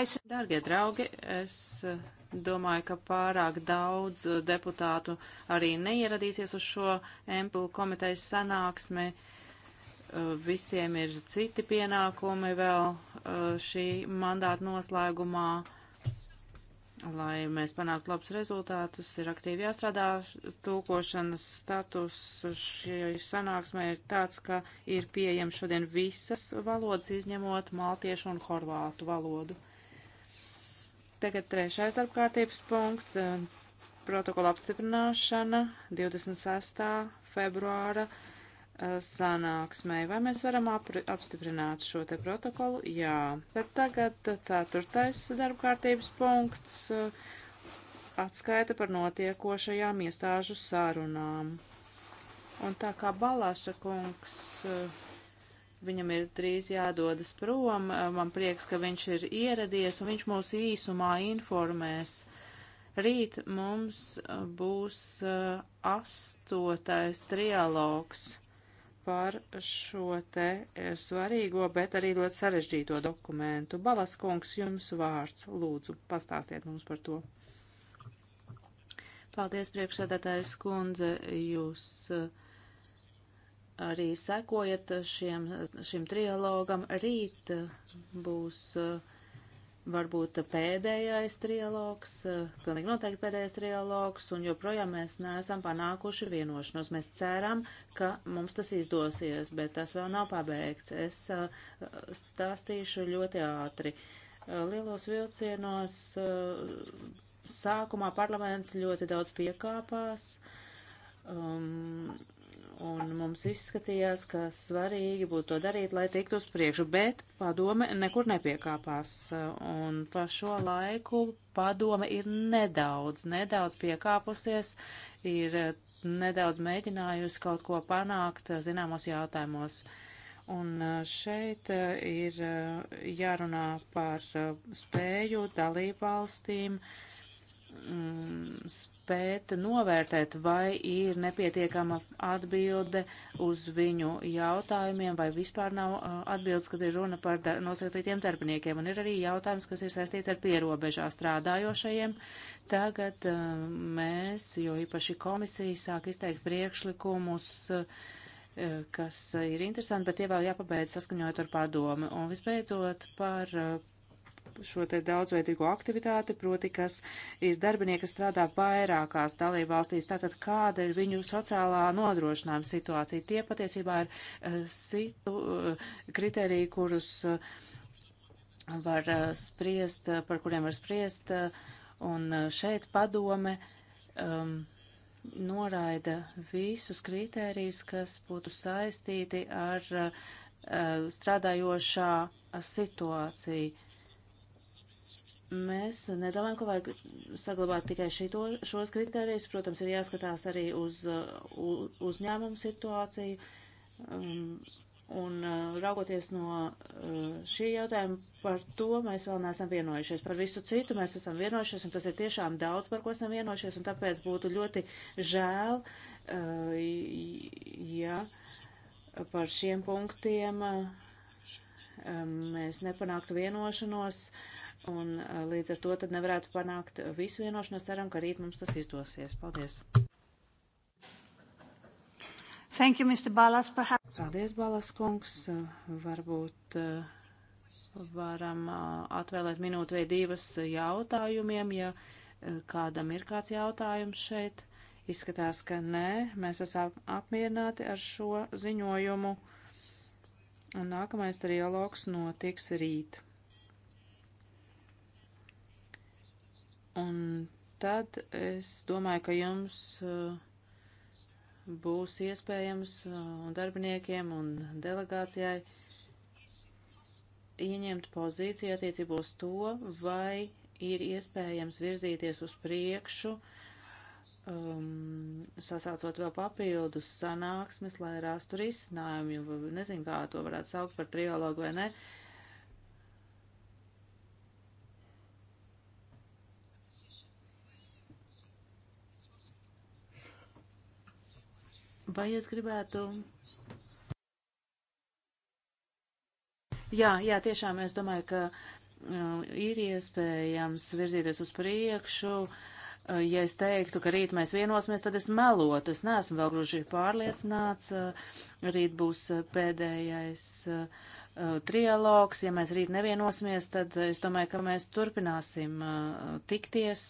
Dargie draugi, es eh, domāju, ka pārāk daudz eh, deputātu arī neieradīsies uz šo Emplu komitejas sanāksmi. Eh, visiem ir citi pienākumi vēl šī mandāta noslēgumā. Lai mēs panāktu labus rezultātus, ir aktīvi jāstrādā. Tūkošanas status šai sanāksmē ir tāds, ka ir pieejams šodien visas valodas, izņemot maltiešu un horvātu valodu. Tagad trešais darbkārtības punkts eh, - protokola apstiprināšana 26. februāra eh, sanāksmē. Vai mēs varam apri, apstiprināt šo te protokolu? Jā. Tad tagad ceturtais darbkārtības punkts eh, - atskaita par notiekošajām iestāžu sarunām. Un tā kā Balāša kungs Viņam ir drīz jādodas prom. Eh, man prieks, ka viņš ir ieradies un viņš mūs īsumā informēs. Rīt mums eh, būs eh, astotais trialogs par šo te svarīgo, bet arī ļoti sarežģīto dokumentu. Balas kungs, jums vārds. Lūdzu, pastāstiet mums par to. Paldies, priekšsēdētājs kundze. Jūs uh, arī sekojat šiem, šim trialogam. Rīt būs varbūt pēdējais trialogs, pilnīgi noteikti pēdējais trialogs, un joprojām mēs neesam panākuši vienošanos. Mēs ceram, ka mums tas izdosies, bet tas vēl nav pabeigts. Es uh, stāstīšu ļoti ātri. Uh, lielos vilcienos uh, sākumā parlaments ļoti daudz piekāpās. Um, un mums izskatījās, ka svarīgi būtu to darīt, lai tiktu uz priekšu, bet padome nekur nepiekāpās, un pa šo laiku padome ir nedaudz, nedaudz piekāpusies, ir nedaudz mēģinājusi kaut ko panākt zināmos jautājumos. Un šeit ir eh, jārunā par eh, spēju dalībvalstīm valstīm mm, spēt novērtēt, vai ir nepietiekama atbilde uz viņu jautājumiem, vai vispār nav uh, atbildes, kad ir runa par nosūtītiem darbiniekiem. Un ir arī jautājums, kas ir saistīts ar pierobežā strādājošajiem. Tagad uh, mēs, jo īpaši komisija, sāk izteikt priekšlikumus. Uh, kas ir interesanti, bet tie vēl jāpabeidz saskaņojot ar padomi. Un visbeidzot par uh, šo te daudzveidīgo aktivitāti, proti, kas ir darbinieki, kas strādā vairākās dalībvalstīs, tātad kāda ir viņu sociālā nodrošinājuma situācija. Tie patiesībā ir uh, situ uh, kriteriji, kurus uh, var uh, spriest, uh, par kuriem var spriest, uh, un uh, šeit padome. Um, noraida visus kritērijus, kas būtu saistīti ar uh, strādājošā situāciju mēs nedomājam, ka vajag saglabāt tikai šito, šos kritērijus. Protams, ir jāskatās arī uz, uz uzņēmumu situāciju. Um, un uh, raugoties no uh, šī jautājuma, par to mēs vēl neesam vienojušies. Par visu citu mēs esam vienojušies, un tas ir tiešām daudz, par ko esam vienojušies, un tāpēc būtu ļoti žēl, uh, ja par šiem punktiem. Uh, Um, mēs nepanāktu vienošanos, un uh, līdz ar to tad nevarētu panākt visu vienošanos. Ceram, ka rīt mums tas izdosies. Paldies! Thank you, Mr. Balas. Perhaps... Paldies, Balas kungs. Uh, varbūt uh, varam atvēlēt minūtu vai divas jautājumiem, ja kādam ir kāds jautājums šeit. Izskatās, ka nē, mēs esam apmierināti ar šo ziņojumu un nākamais trialogs notiks rīt. Un tad es domāju, ka jums uh, būs iespējams uh, un darbiniekiem un delegācijai ieņemt pozīciju attiecībā uz to, vai ir iespējams virzīties uz priekšu uh, um, sasaucot vēl papildus sanāksmes, lai rastu risinājumu, jo nezinu, kā to varētu saukt par triologu vai ne. Vai jūs gribētu? Jā, jā, tiešām es domāju, ka um, ir iespējams virzīties uz priekšu. Uh, ja es teiktu, ka rīt mēs vienosimies, tad es melotu. Es neesmu vēl gluži pārliecināts. Eh, rīt būs eh, pēdējais eh, trialogs. Ja mēs rīt nevienosimies, tad es domāju, ka mēs turpināsim tikties.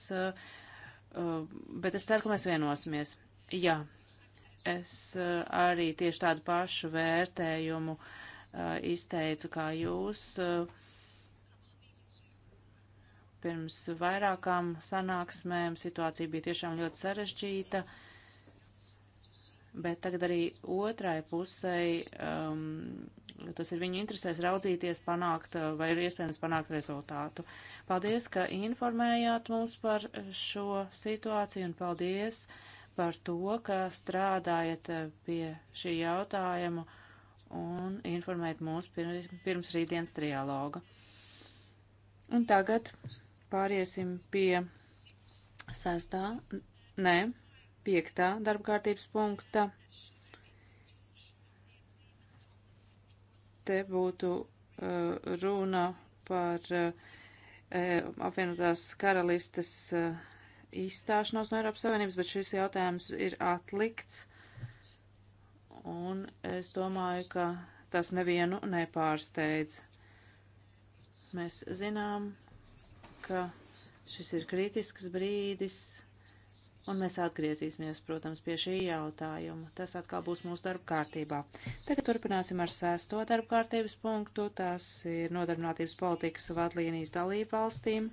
Bet es ceru, ka mēs vienosimies. Jā, es arī tieši tādu pašu vērtējumu izteicu kā jūs. Uh, Pirms vairākām sanāksmēm situācija bija tiešām ļoti sarežģīta, bet tagad arī otrai pusei um, tas ir viņu interesēs raudzīties, panākt uh, vai ir iespējams panākt rezultātu. Paldies, ka informējāt mums par šo situāciju un paldies par to, ka strādājat uh, pie šī jautājuma un informēt mūs pirms, pirms rītdienas trialoga. Un tagad Pāriesim pie sestā, nē, piektā darbkārtības punkta. Te būtu uh, runa par uh, eh, apvienotās karalistes uh, izstāšanos no Eiropas Savienības, bet šis jautājums ir atlikts. Un es domāju, ka tas nevienu nepārsteidz. Mēs zinām, ka šis ir kritisks brīdis, un mēs atgriezīsimies, protams, pie šī jautājuma. Tas atkal būs mūsu darba kārtībā. Tagad turpināsim ar sesto darba kārtības punktu. Tas ir nodarbinātības politikas vadlīnijas dalību valstīm.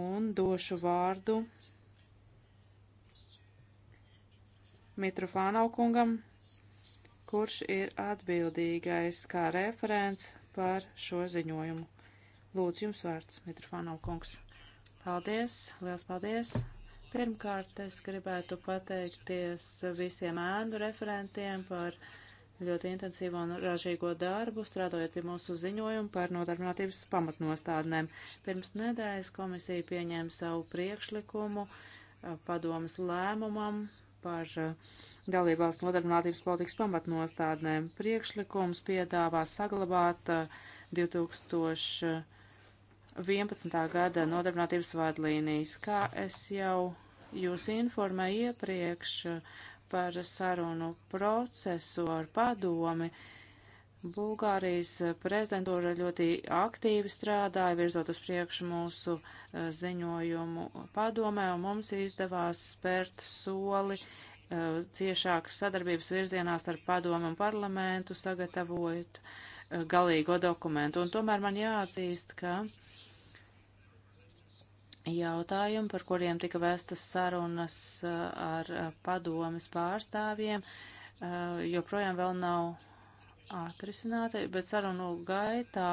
Un došu vārdu Mitrofānau kungam, kurš ir atbildīgais kā referents par šo ziņojumu. Lūdzu, jums vārds, Mitrofānov kungs. Paldies, liels paldies. Pirmkārt, es gribētu pateikties visiem ēnu referentiem par ļoti intensīvo un ražīgo darbu, strādājot pie mūsu ziņojuma par nodarbinātības pamatnostādnēm. Pirms nedēļas komisija pieņēma savu priekšlikumu eh, padomas lēmumam par eh, dalībās nodarbinātības politikas pamatnostādnēm. Priekšlikums piedāvā saglabāt eh, 2000. 11. gada nodarbinātības vadlīnijas. Kā es jau jūs informēju iepriekš par sarunu procesu ar padomi, Bulgārijas prezidentūra ļoti aktīvi strādāja, virzot uz priekšu mūsu eh, ziņojumu padomē, un mums izdevās spērt soli eh, ciešākas sadarbības virzienā starp padomu un parlamentu, sagatavojot eh, galīgo dokumentu. Un tomēr man jāatzīst, ka uh, jautājumi, par kuriem tika vestas sarunas uh, ar uh, padomas pārstāvjiem, uh, joprojām vēl nav atrisināti, bet sarunu gaitā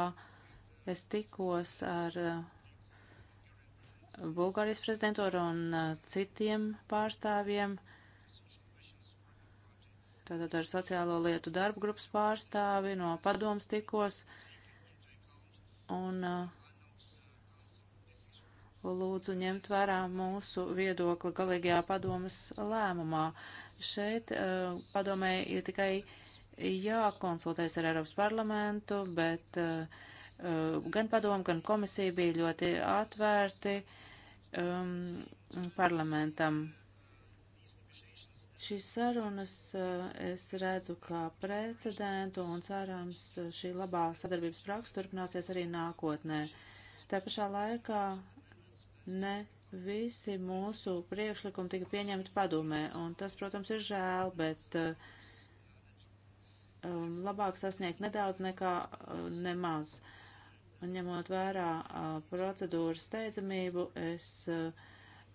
es tikos ar Bulgārijas prezidentūru un citiem pārstāvjiem, tātad ar sociālo lietu darba grupas pārstāvi no padomas tikos, un uh, lūdzu ņemt vērā mūsu viedokli galīgajā padomas lēmumā. Šeit uh, padomē ir tikai jākonsultēs ar Eiropas parlamentu, bet uh, gan padomu, gan komisija bija ļoti atvērti um, parlamentam. Šīs sarunas uh, es redzu kā precedentu un cerams šī labā sadarbības praksa turpināsies arī nākotnē. Tā pašā laikā ne visi mūsu priekšlikumi tika pieņemti padomē, un tas, protams, ir žēl, bet eh, um, labāk sasniegt nedaudz nekā uh, nemaz. Un ņemot vērā uh, procedūras steidzamību, es uh,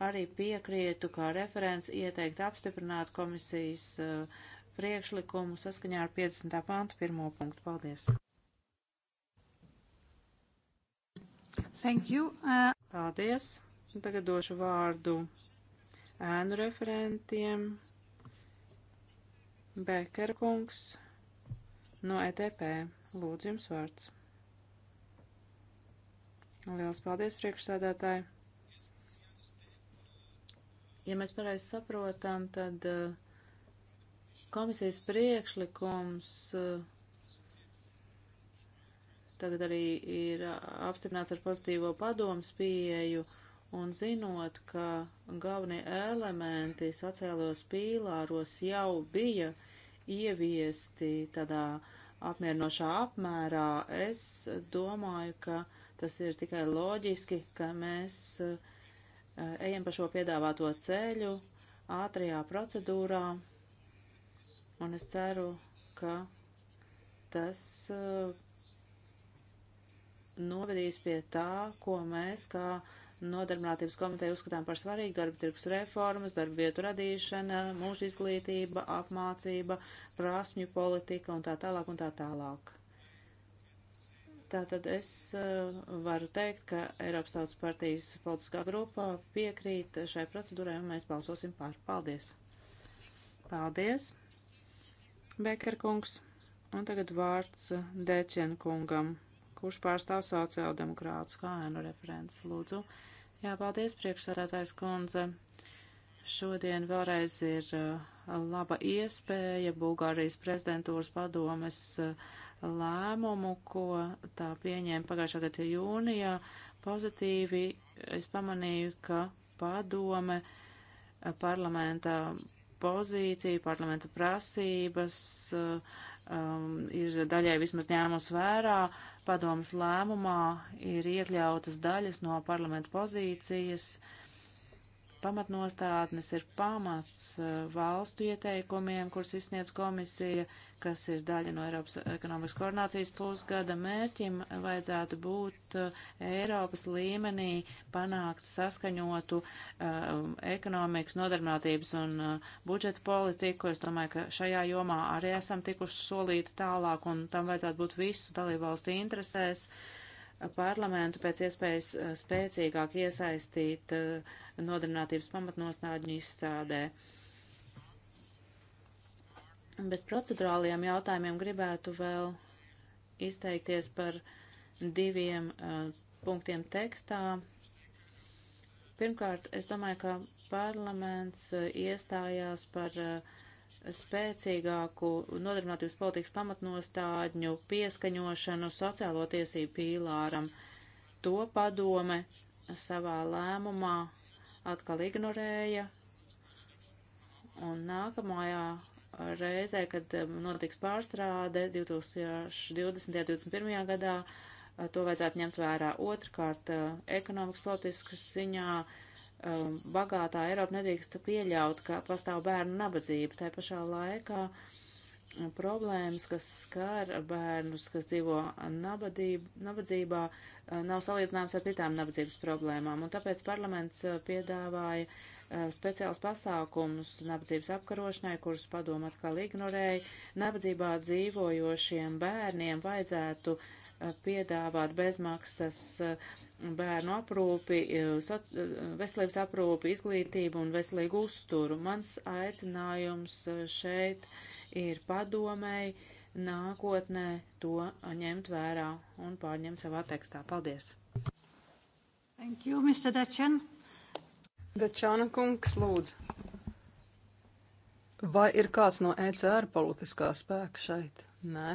arī piekrietu, kā referents ieteikt apstiprināt komisijas uh, priekšlikumu saskaņā ar 50. pantu pirmo punktu. Paldies! Thank you. Uh... Paldies. Un tagad došu vārdu ēnu referentiem. Bekera kungs no ETP. Lūdzu, jums vārds. Liels paldies, priekšsēdētāji. Ja mēs pareizi saprotam, tad uh, komisijas priekšlikums uh, tagad arī ir apstiprināts ar pozitīvo padomus pieeju un zinot, ka galvenie elementi sociālos pīlāros jau bija ieviesti tādā apmierinošā apmērā, es domāju, ka tas ir tikai loģiski, ka mēs eh, ejam pa šo piedāvāto ceļu ātrajā procedūrā, un es ceru, ka tas eh, novedīs pie tā, ko mēs kā Nodarbinātības komiteja uzskatām par svarīgu darba tirgus reformas, darba vietu radīšana, mūža izglītība, apmācība, prasmju politika un tā tālāk un tā tālāk. Tātad es eh, varu teikt, ka Eiropas Tautas partijas politiskā grupā piekrīt šai procedūrai un mēs balsosim par. Paldies! Paldies, Beker kungs! Un tagad vārds Dēķen kungam kurš pārstāv sociāldemokrātus kā ēnu referents. Lūdzu, jā, paldies priekšsādātājs kundze. Šodien vēlreiz ir uh, laba iespēja Bulgārijas prezidentūras padomes uh, lēmumu, ko tā pieņēma pagājušā gada jūnijā. Pozitīvi es pamanīju, ka padome uh, parlamenta pozīcija, parlamenta prasības uh, um, ir daļai vismaz ņēmus vērā. Padomas lēmumā ir iekļautas daļas no parlamenta pozīcijas, uh, pamatnostādnes ir pamats eh, valstu ieteikumiem, kurus izsniedz komisija, kas ir daļa no Eiropas ekonomikas koordinācijas pusgada mērķim, vajadzētu būt eh, Eiropas līmenī panākt saskaņotu um, ekonomikas nodarbinātības un uh, budžeta politiku. Es domāju, ka šajā jomā arī esam tikuši solīti tālāk, un tam vajadzētu būt visu dalību valstu interesēs. Uh, parlamentu pēc iespējas eh, spēcīgāk iesaistīt eh, nodarbinātības pamatnostādņu izstādē. Bez procedurāliem jautājumiem gribētu vēl izteikties par diviem uh, punktiem tekstā. Pirmkārt, es domāju, ka parlaments uh, iestājās par uh, spēcīgāku nodarbinātības politikas pamatnostādņu pieskaņošanu sociālo tiesību pīlāram. To padome savā lēmumā atkal ignorēja, un nākamajā reizē, kad um, notiks pārstrāde 2020. un 2021. gadā, uh, to vajadzētu ņemt vērā. Otrkārt, uh, ekonomikas politiskas ziņā um, bagātā Eiropa nedrīkst pieļaut, ka pastāv bērnu nabadzība. Tā pašā laikā um, problēmas, kas skar bērnus, kas dzīvo nabadību, nabadzībā, uh, nav salīdzināmas ar citām nabadzības problēmām. Un tāpēc parlaments uh, piedāvāja uh, speciāls pasākums nabadzības apkarošanai, kurus padomu atkal ignorēja. Nabadzībā dzīvojošiem bērniem vajadzētu uh, Eh, piedāvāt bezmaksas eh, bērnu aprūpi, eh, soc, veselības aprūpi, izglītību un veselīgu uzturu. Mans aicinājums šeit ir padomēji nākotnē to ņemt vērā un pārņemt savā tekstā. Paldies! Thank you, Mr. Dečen. Dečana kungs, lūdzu. Vai ir kāds no ECR politiskā spēka šeit? Nē.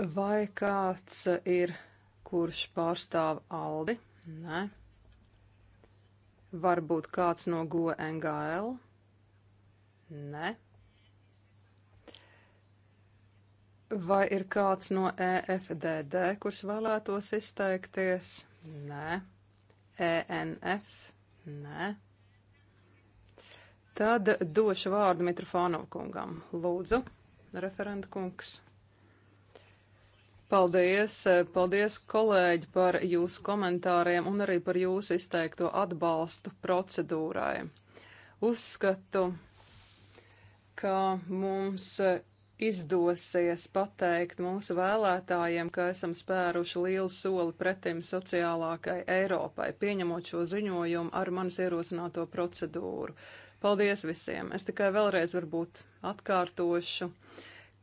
Vai kāds ir, kurš pārstāv Aldi? Nē. Varbūt kāds no GOE NGL? Nē. Vai ir kāds no EFDD, kurš vēlētos izteikties? Nē. ENF? Nē. Tad došu vārdu Mitrofanov kungam. Lūdzu, referenta kungs. Paldies, eh, paldies kolēģi par jūsu komentāriem un arī par jūsu izteikto atbalstu procedūrai. Uzskatu, ka mums eh, izdosies pateikt mūsu vēlētājiem, ka esam spēruši lielu soli pretim sociālākai Eiropai, pieņemot šo ziņojumu ar manas ierosināto procedūru. Paldies visiem! Es tikai vēlreiz varbūt atkārtošu,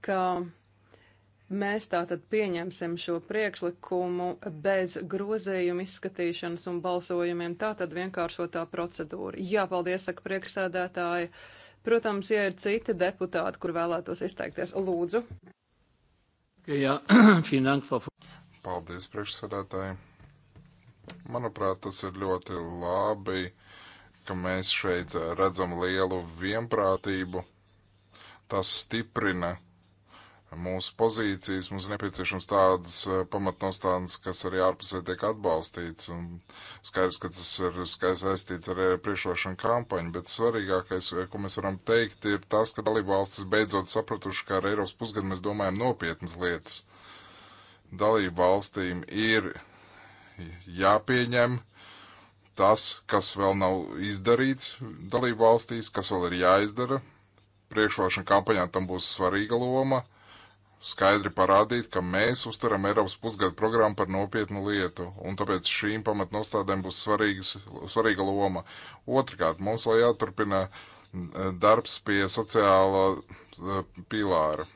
ka Mēs tātad pieņemsim šo priekšlikumu bez grozījumu izskatīšanas un balsojumiem. Tātad vienkāršotā procedūra. Jā, paldies, saka priekšsēdētāji. Protams, ja ir citi deputāti, kur vēlētos izteikties, lūdzu. Jā, paldies, priekšsēdētāji. Manuprāt, tas ir ļoti labi, ka mēs šeit redzam lielu vienprātību. Tas stiprina mūsu pozīcijas, mums ir nepieciešams tādas eh, pamatnostādes, kas arī ārpusē tiek atbalstīts, un skaidrs, ka tas ir skaidrs saistīts ar priekšrošanu kampaņu, bet svarīgākais, eh, ko mēs varam teikt, ir tas, ka dalībvalstis beidzot sapratuši, ka ar Eiropas pusgadu mēs domājam nopietnas lietas. Dalībvalstīm ir jāpieņem tas, kas vēl nav izdarīts dalībvalstīs, kas vēl ir jāizdara. Priekšvēlēšana kampaņā tam būs svarīga loma skaidri parādīt, ka mēs uztveram Eiropas pusgadu programmu par nopietnu lietu, un tāpēc šīm pamatnostādēm būs svarīgas, svarīga loma. Otrkārt, mums lai jāturpina darbs pie sociālā pīlāra.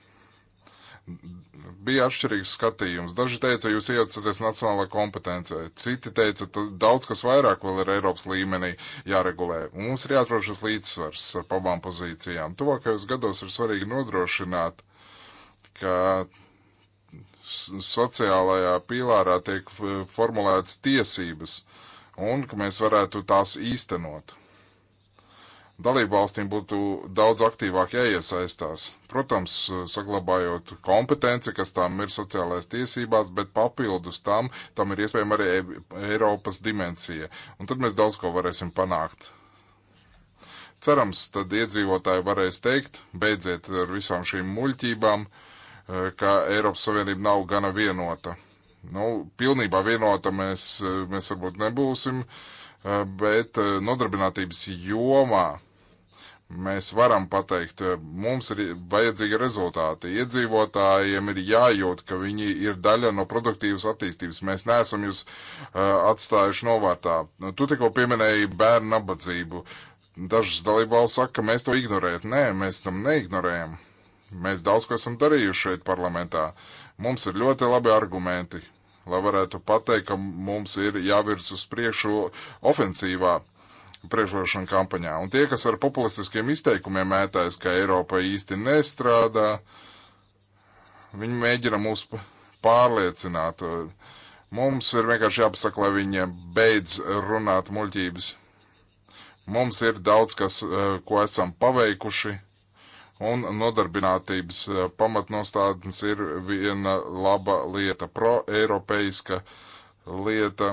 Bija atšķirīgs skatījums. Daži teica, jūs iejaucaties nacionālajā kompetencē, citi teica, ka daudz kas vairāk vēl ir Eiropas līmenī jāregulē. Un mums ir jāatrod šis līdzsvars ar abām pozīcijām. Tuvākajos gados ir svarīgi nodrošināt, ka sociālajā pīlārā tiek formulētas tiesības un ka mēs varētu tās īstenot. Dalību valstīm būtu daudz aktīvāk jāiesaistās. Protams, saglabājot kompetenci, kas tām ir sociālais tiesībās, bet papildus tam, tam ir iespējama arī Eiropas dimensija. Un tad mēs daudz ko varēsim panākt. Cerams, tad iedzīvotāji varēs teikt, beidziet ar visām šīm muļķībām, uh, Eh, ka Eiropas Savienība nav gana vienota. Nu, pilnībā vienota mēs, eh, mēs varbūt nebūsim, eh, bet nodarbinātības jomā mēs varam pateikt, mums ir vajadzīgi rezultāti. Iedzīvotājiem ir jājūt, ka viņi ir daļa no produktīvas attīstības. Mēs neesam jūs uh, atstājuši novārtā. Tu tikko pieminēji bērnu nabadzību. Dažas dalībvalsts saka, ka mēs to ignorējam. Nē, mēs tam neignorējam. Mēs daudz ko esam darījuši šeit parlamentā. Mums ir ļoti labi argumenti, lai varētu pateikt, ka mums ir jāvirs uz priekšu ofensīvā priekšvēlēšana kampaņā. Un tie, kas ar populistiskiem izteikumiem mētājas, ka Eiropa īsti nestrādā, viņi mēģina mūs pārliecināt. Mums ir vienkārši jāpasaka, lai viņiem beidz runāt muļķības. Mums ir daudz, kas, eh, ko esam paveikuši un nodarbinātības eh, pamatnostādnes ir viena laba lieta, pro-eiropeiska lieta.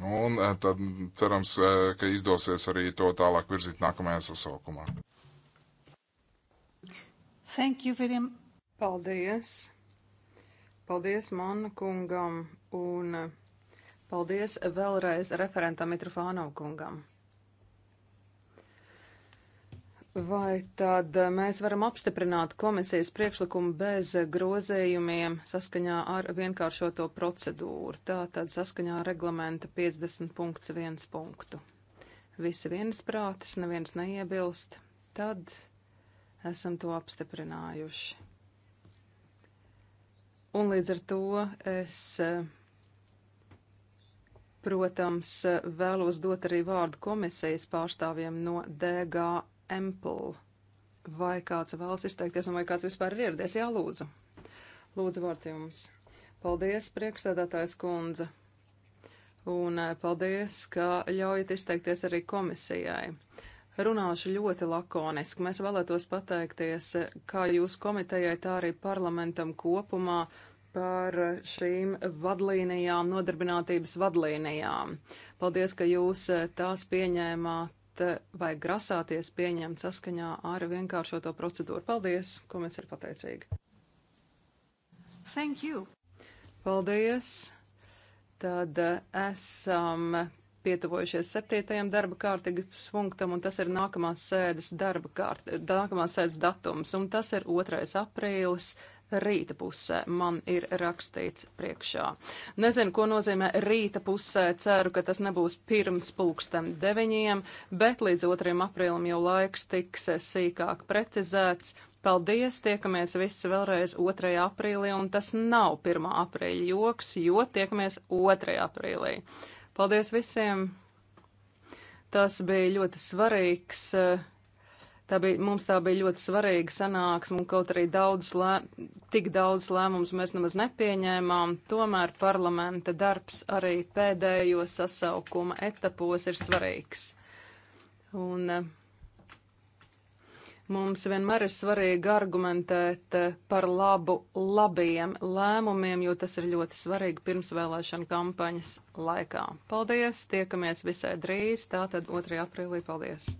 Un eh, tad cerams, eh, ka izdosies arī to tālāk virzīt nākamajā sasaukumā. Thank you very much. Paldies. Paldies Manna kungam un paldies vēlreiz referentam Mitrofānov kungam. Vai tad eh, mēs varam apstiprināt komisijas priekšlikumu bez grozējumiem saskaņā ar vienkāršoto procedūru? Tātad saskaņā ar reglamenta 50.1 punktu. Visi vienas prātas, neviens neiebilst. Tad esam to apstiprinājuši. Un līdz ar to es, eh, protams, eh, vēlos dot arī vārdu komisijas pārstāvjiem no DGA Ample. Vai kāds vēlas izteikties, un vai kāds vispār ir ieradies? Jā, lūdzu. Lūdzu, vārds jums. Paldies, priekšsēdētājs kundze. Un eh, paldies, ka ļaujat izteikties arī komisijai. Runāšu ļoti lakoniski. Mēs vēlētos pateikties eh, kā jūs komitejai, tā arī parlamentam kopumā par šīm vadlīnijām, nodarbinātības vadlīnijām. Paldies, ka jūs eh, tās pieņēmāt Eh, vai grasāties pieņemt saskaņā ar vienkāršoto procedūru. Paldies, ko mēs ir pateicīgi. Thank you. Paldies. Tad eh, esam pietuvojušies septītajam darba kārtības punktam, un tas ir nākamās sēdes darba kārt, nākamās sēdes datums, un tas ir 2. aprīlis rīta pusē man ir rakstīts priekšā. Nezinu, ko nozīmē rīta pusē, ceru, ka tas nebūs pirms pulkstam deviņiem, bet līdz 2. aprīlim jau laiks tiks sīkāk precizēts. Paldies, tiekamies visi vēlreiz 2. aprīlī, un tas nav 1. aprīļa joks, jo tiekamies 2. aprīlī. Paldies visiem! Tas bija ļoti svarīgs uh, Tā bija, mums tā bija ļoti svarīga sanāksme, un kaut arī daudz lē, tik daudz lēmumus mēs nemaz nepieņēmām, tomēr parlamenta darbs arī pēdējo sasaukuma etapos ir svarīgs. Un eh, mums vienmēr ir svarīgi argumentēt eh, par labu labiem lēmumiem, jo tas ir ļoti svarīgi pirmsvēlēšana kampaņas laikā. Paldies, tiekamies visai drīz, tātad 2. aprīlī, paldies!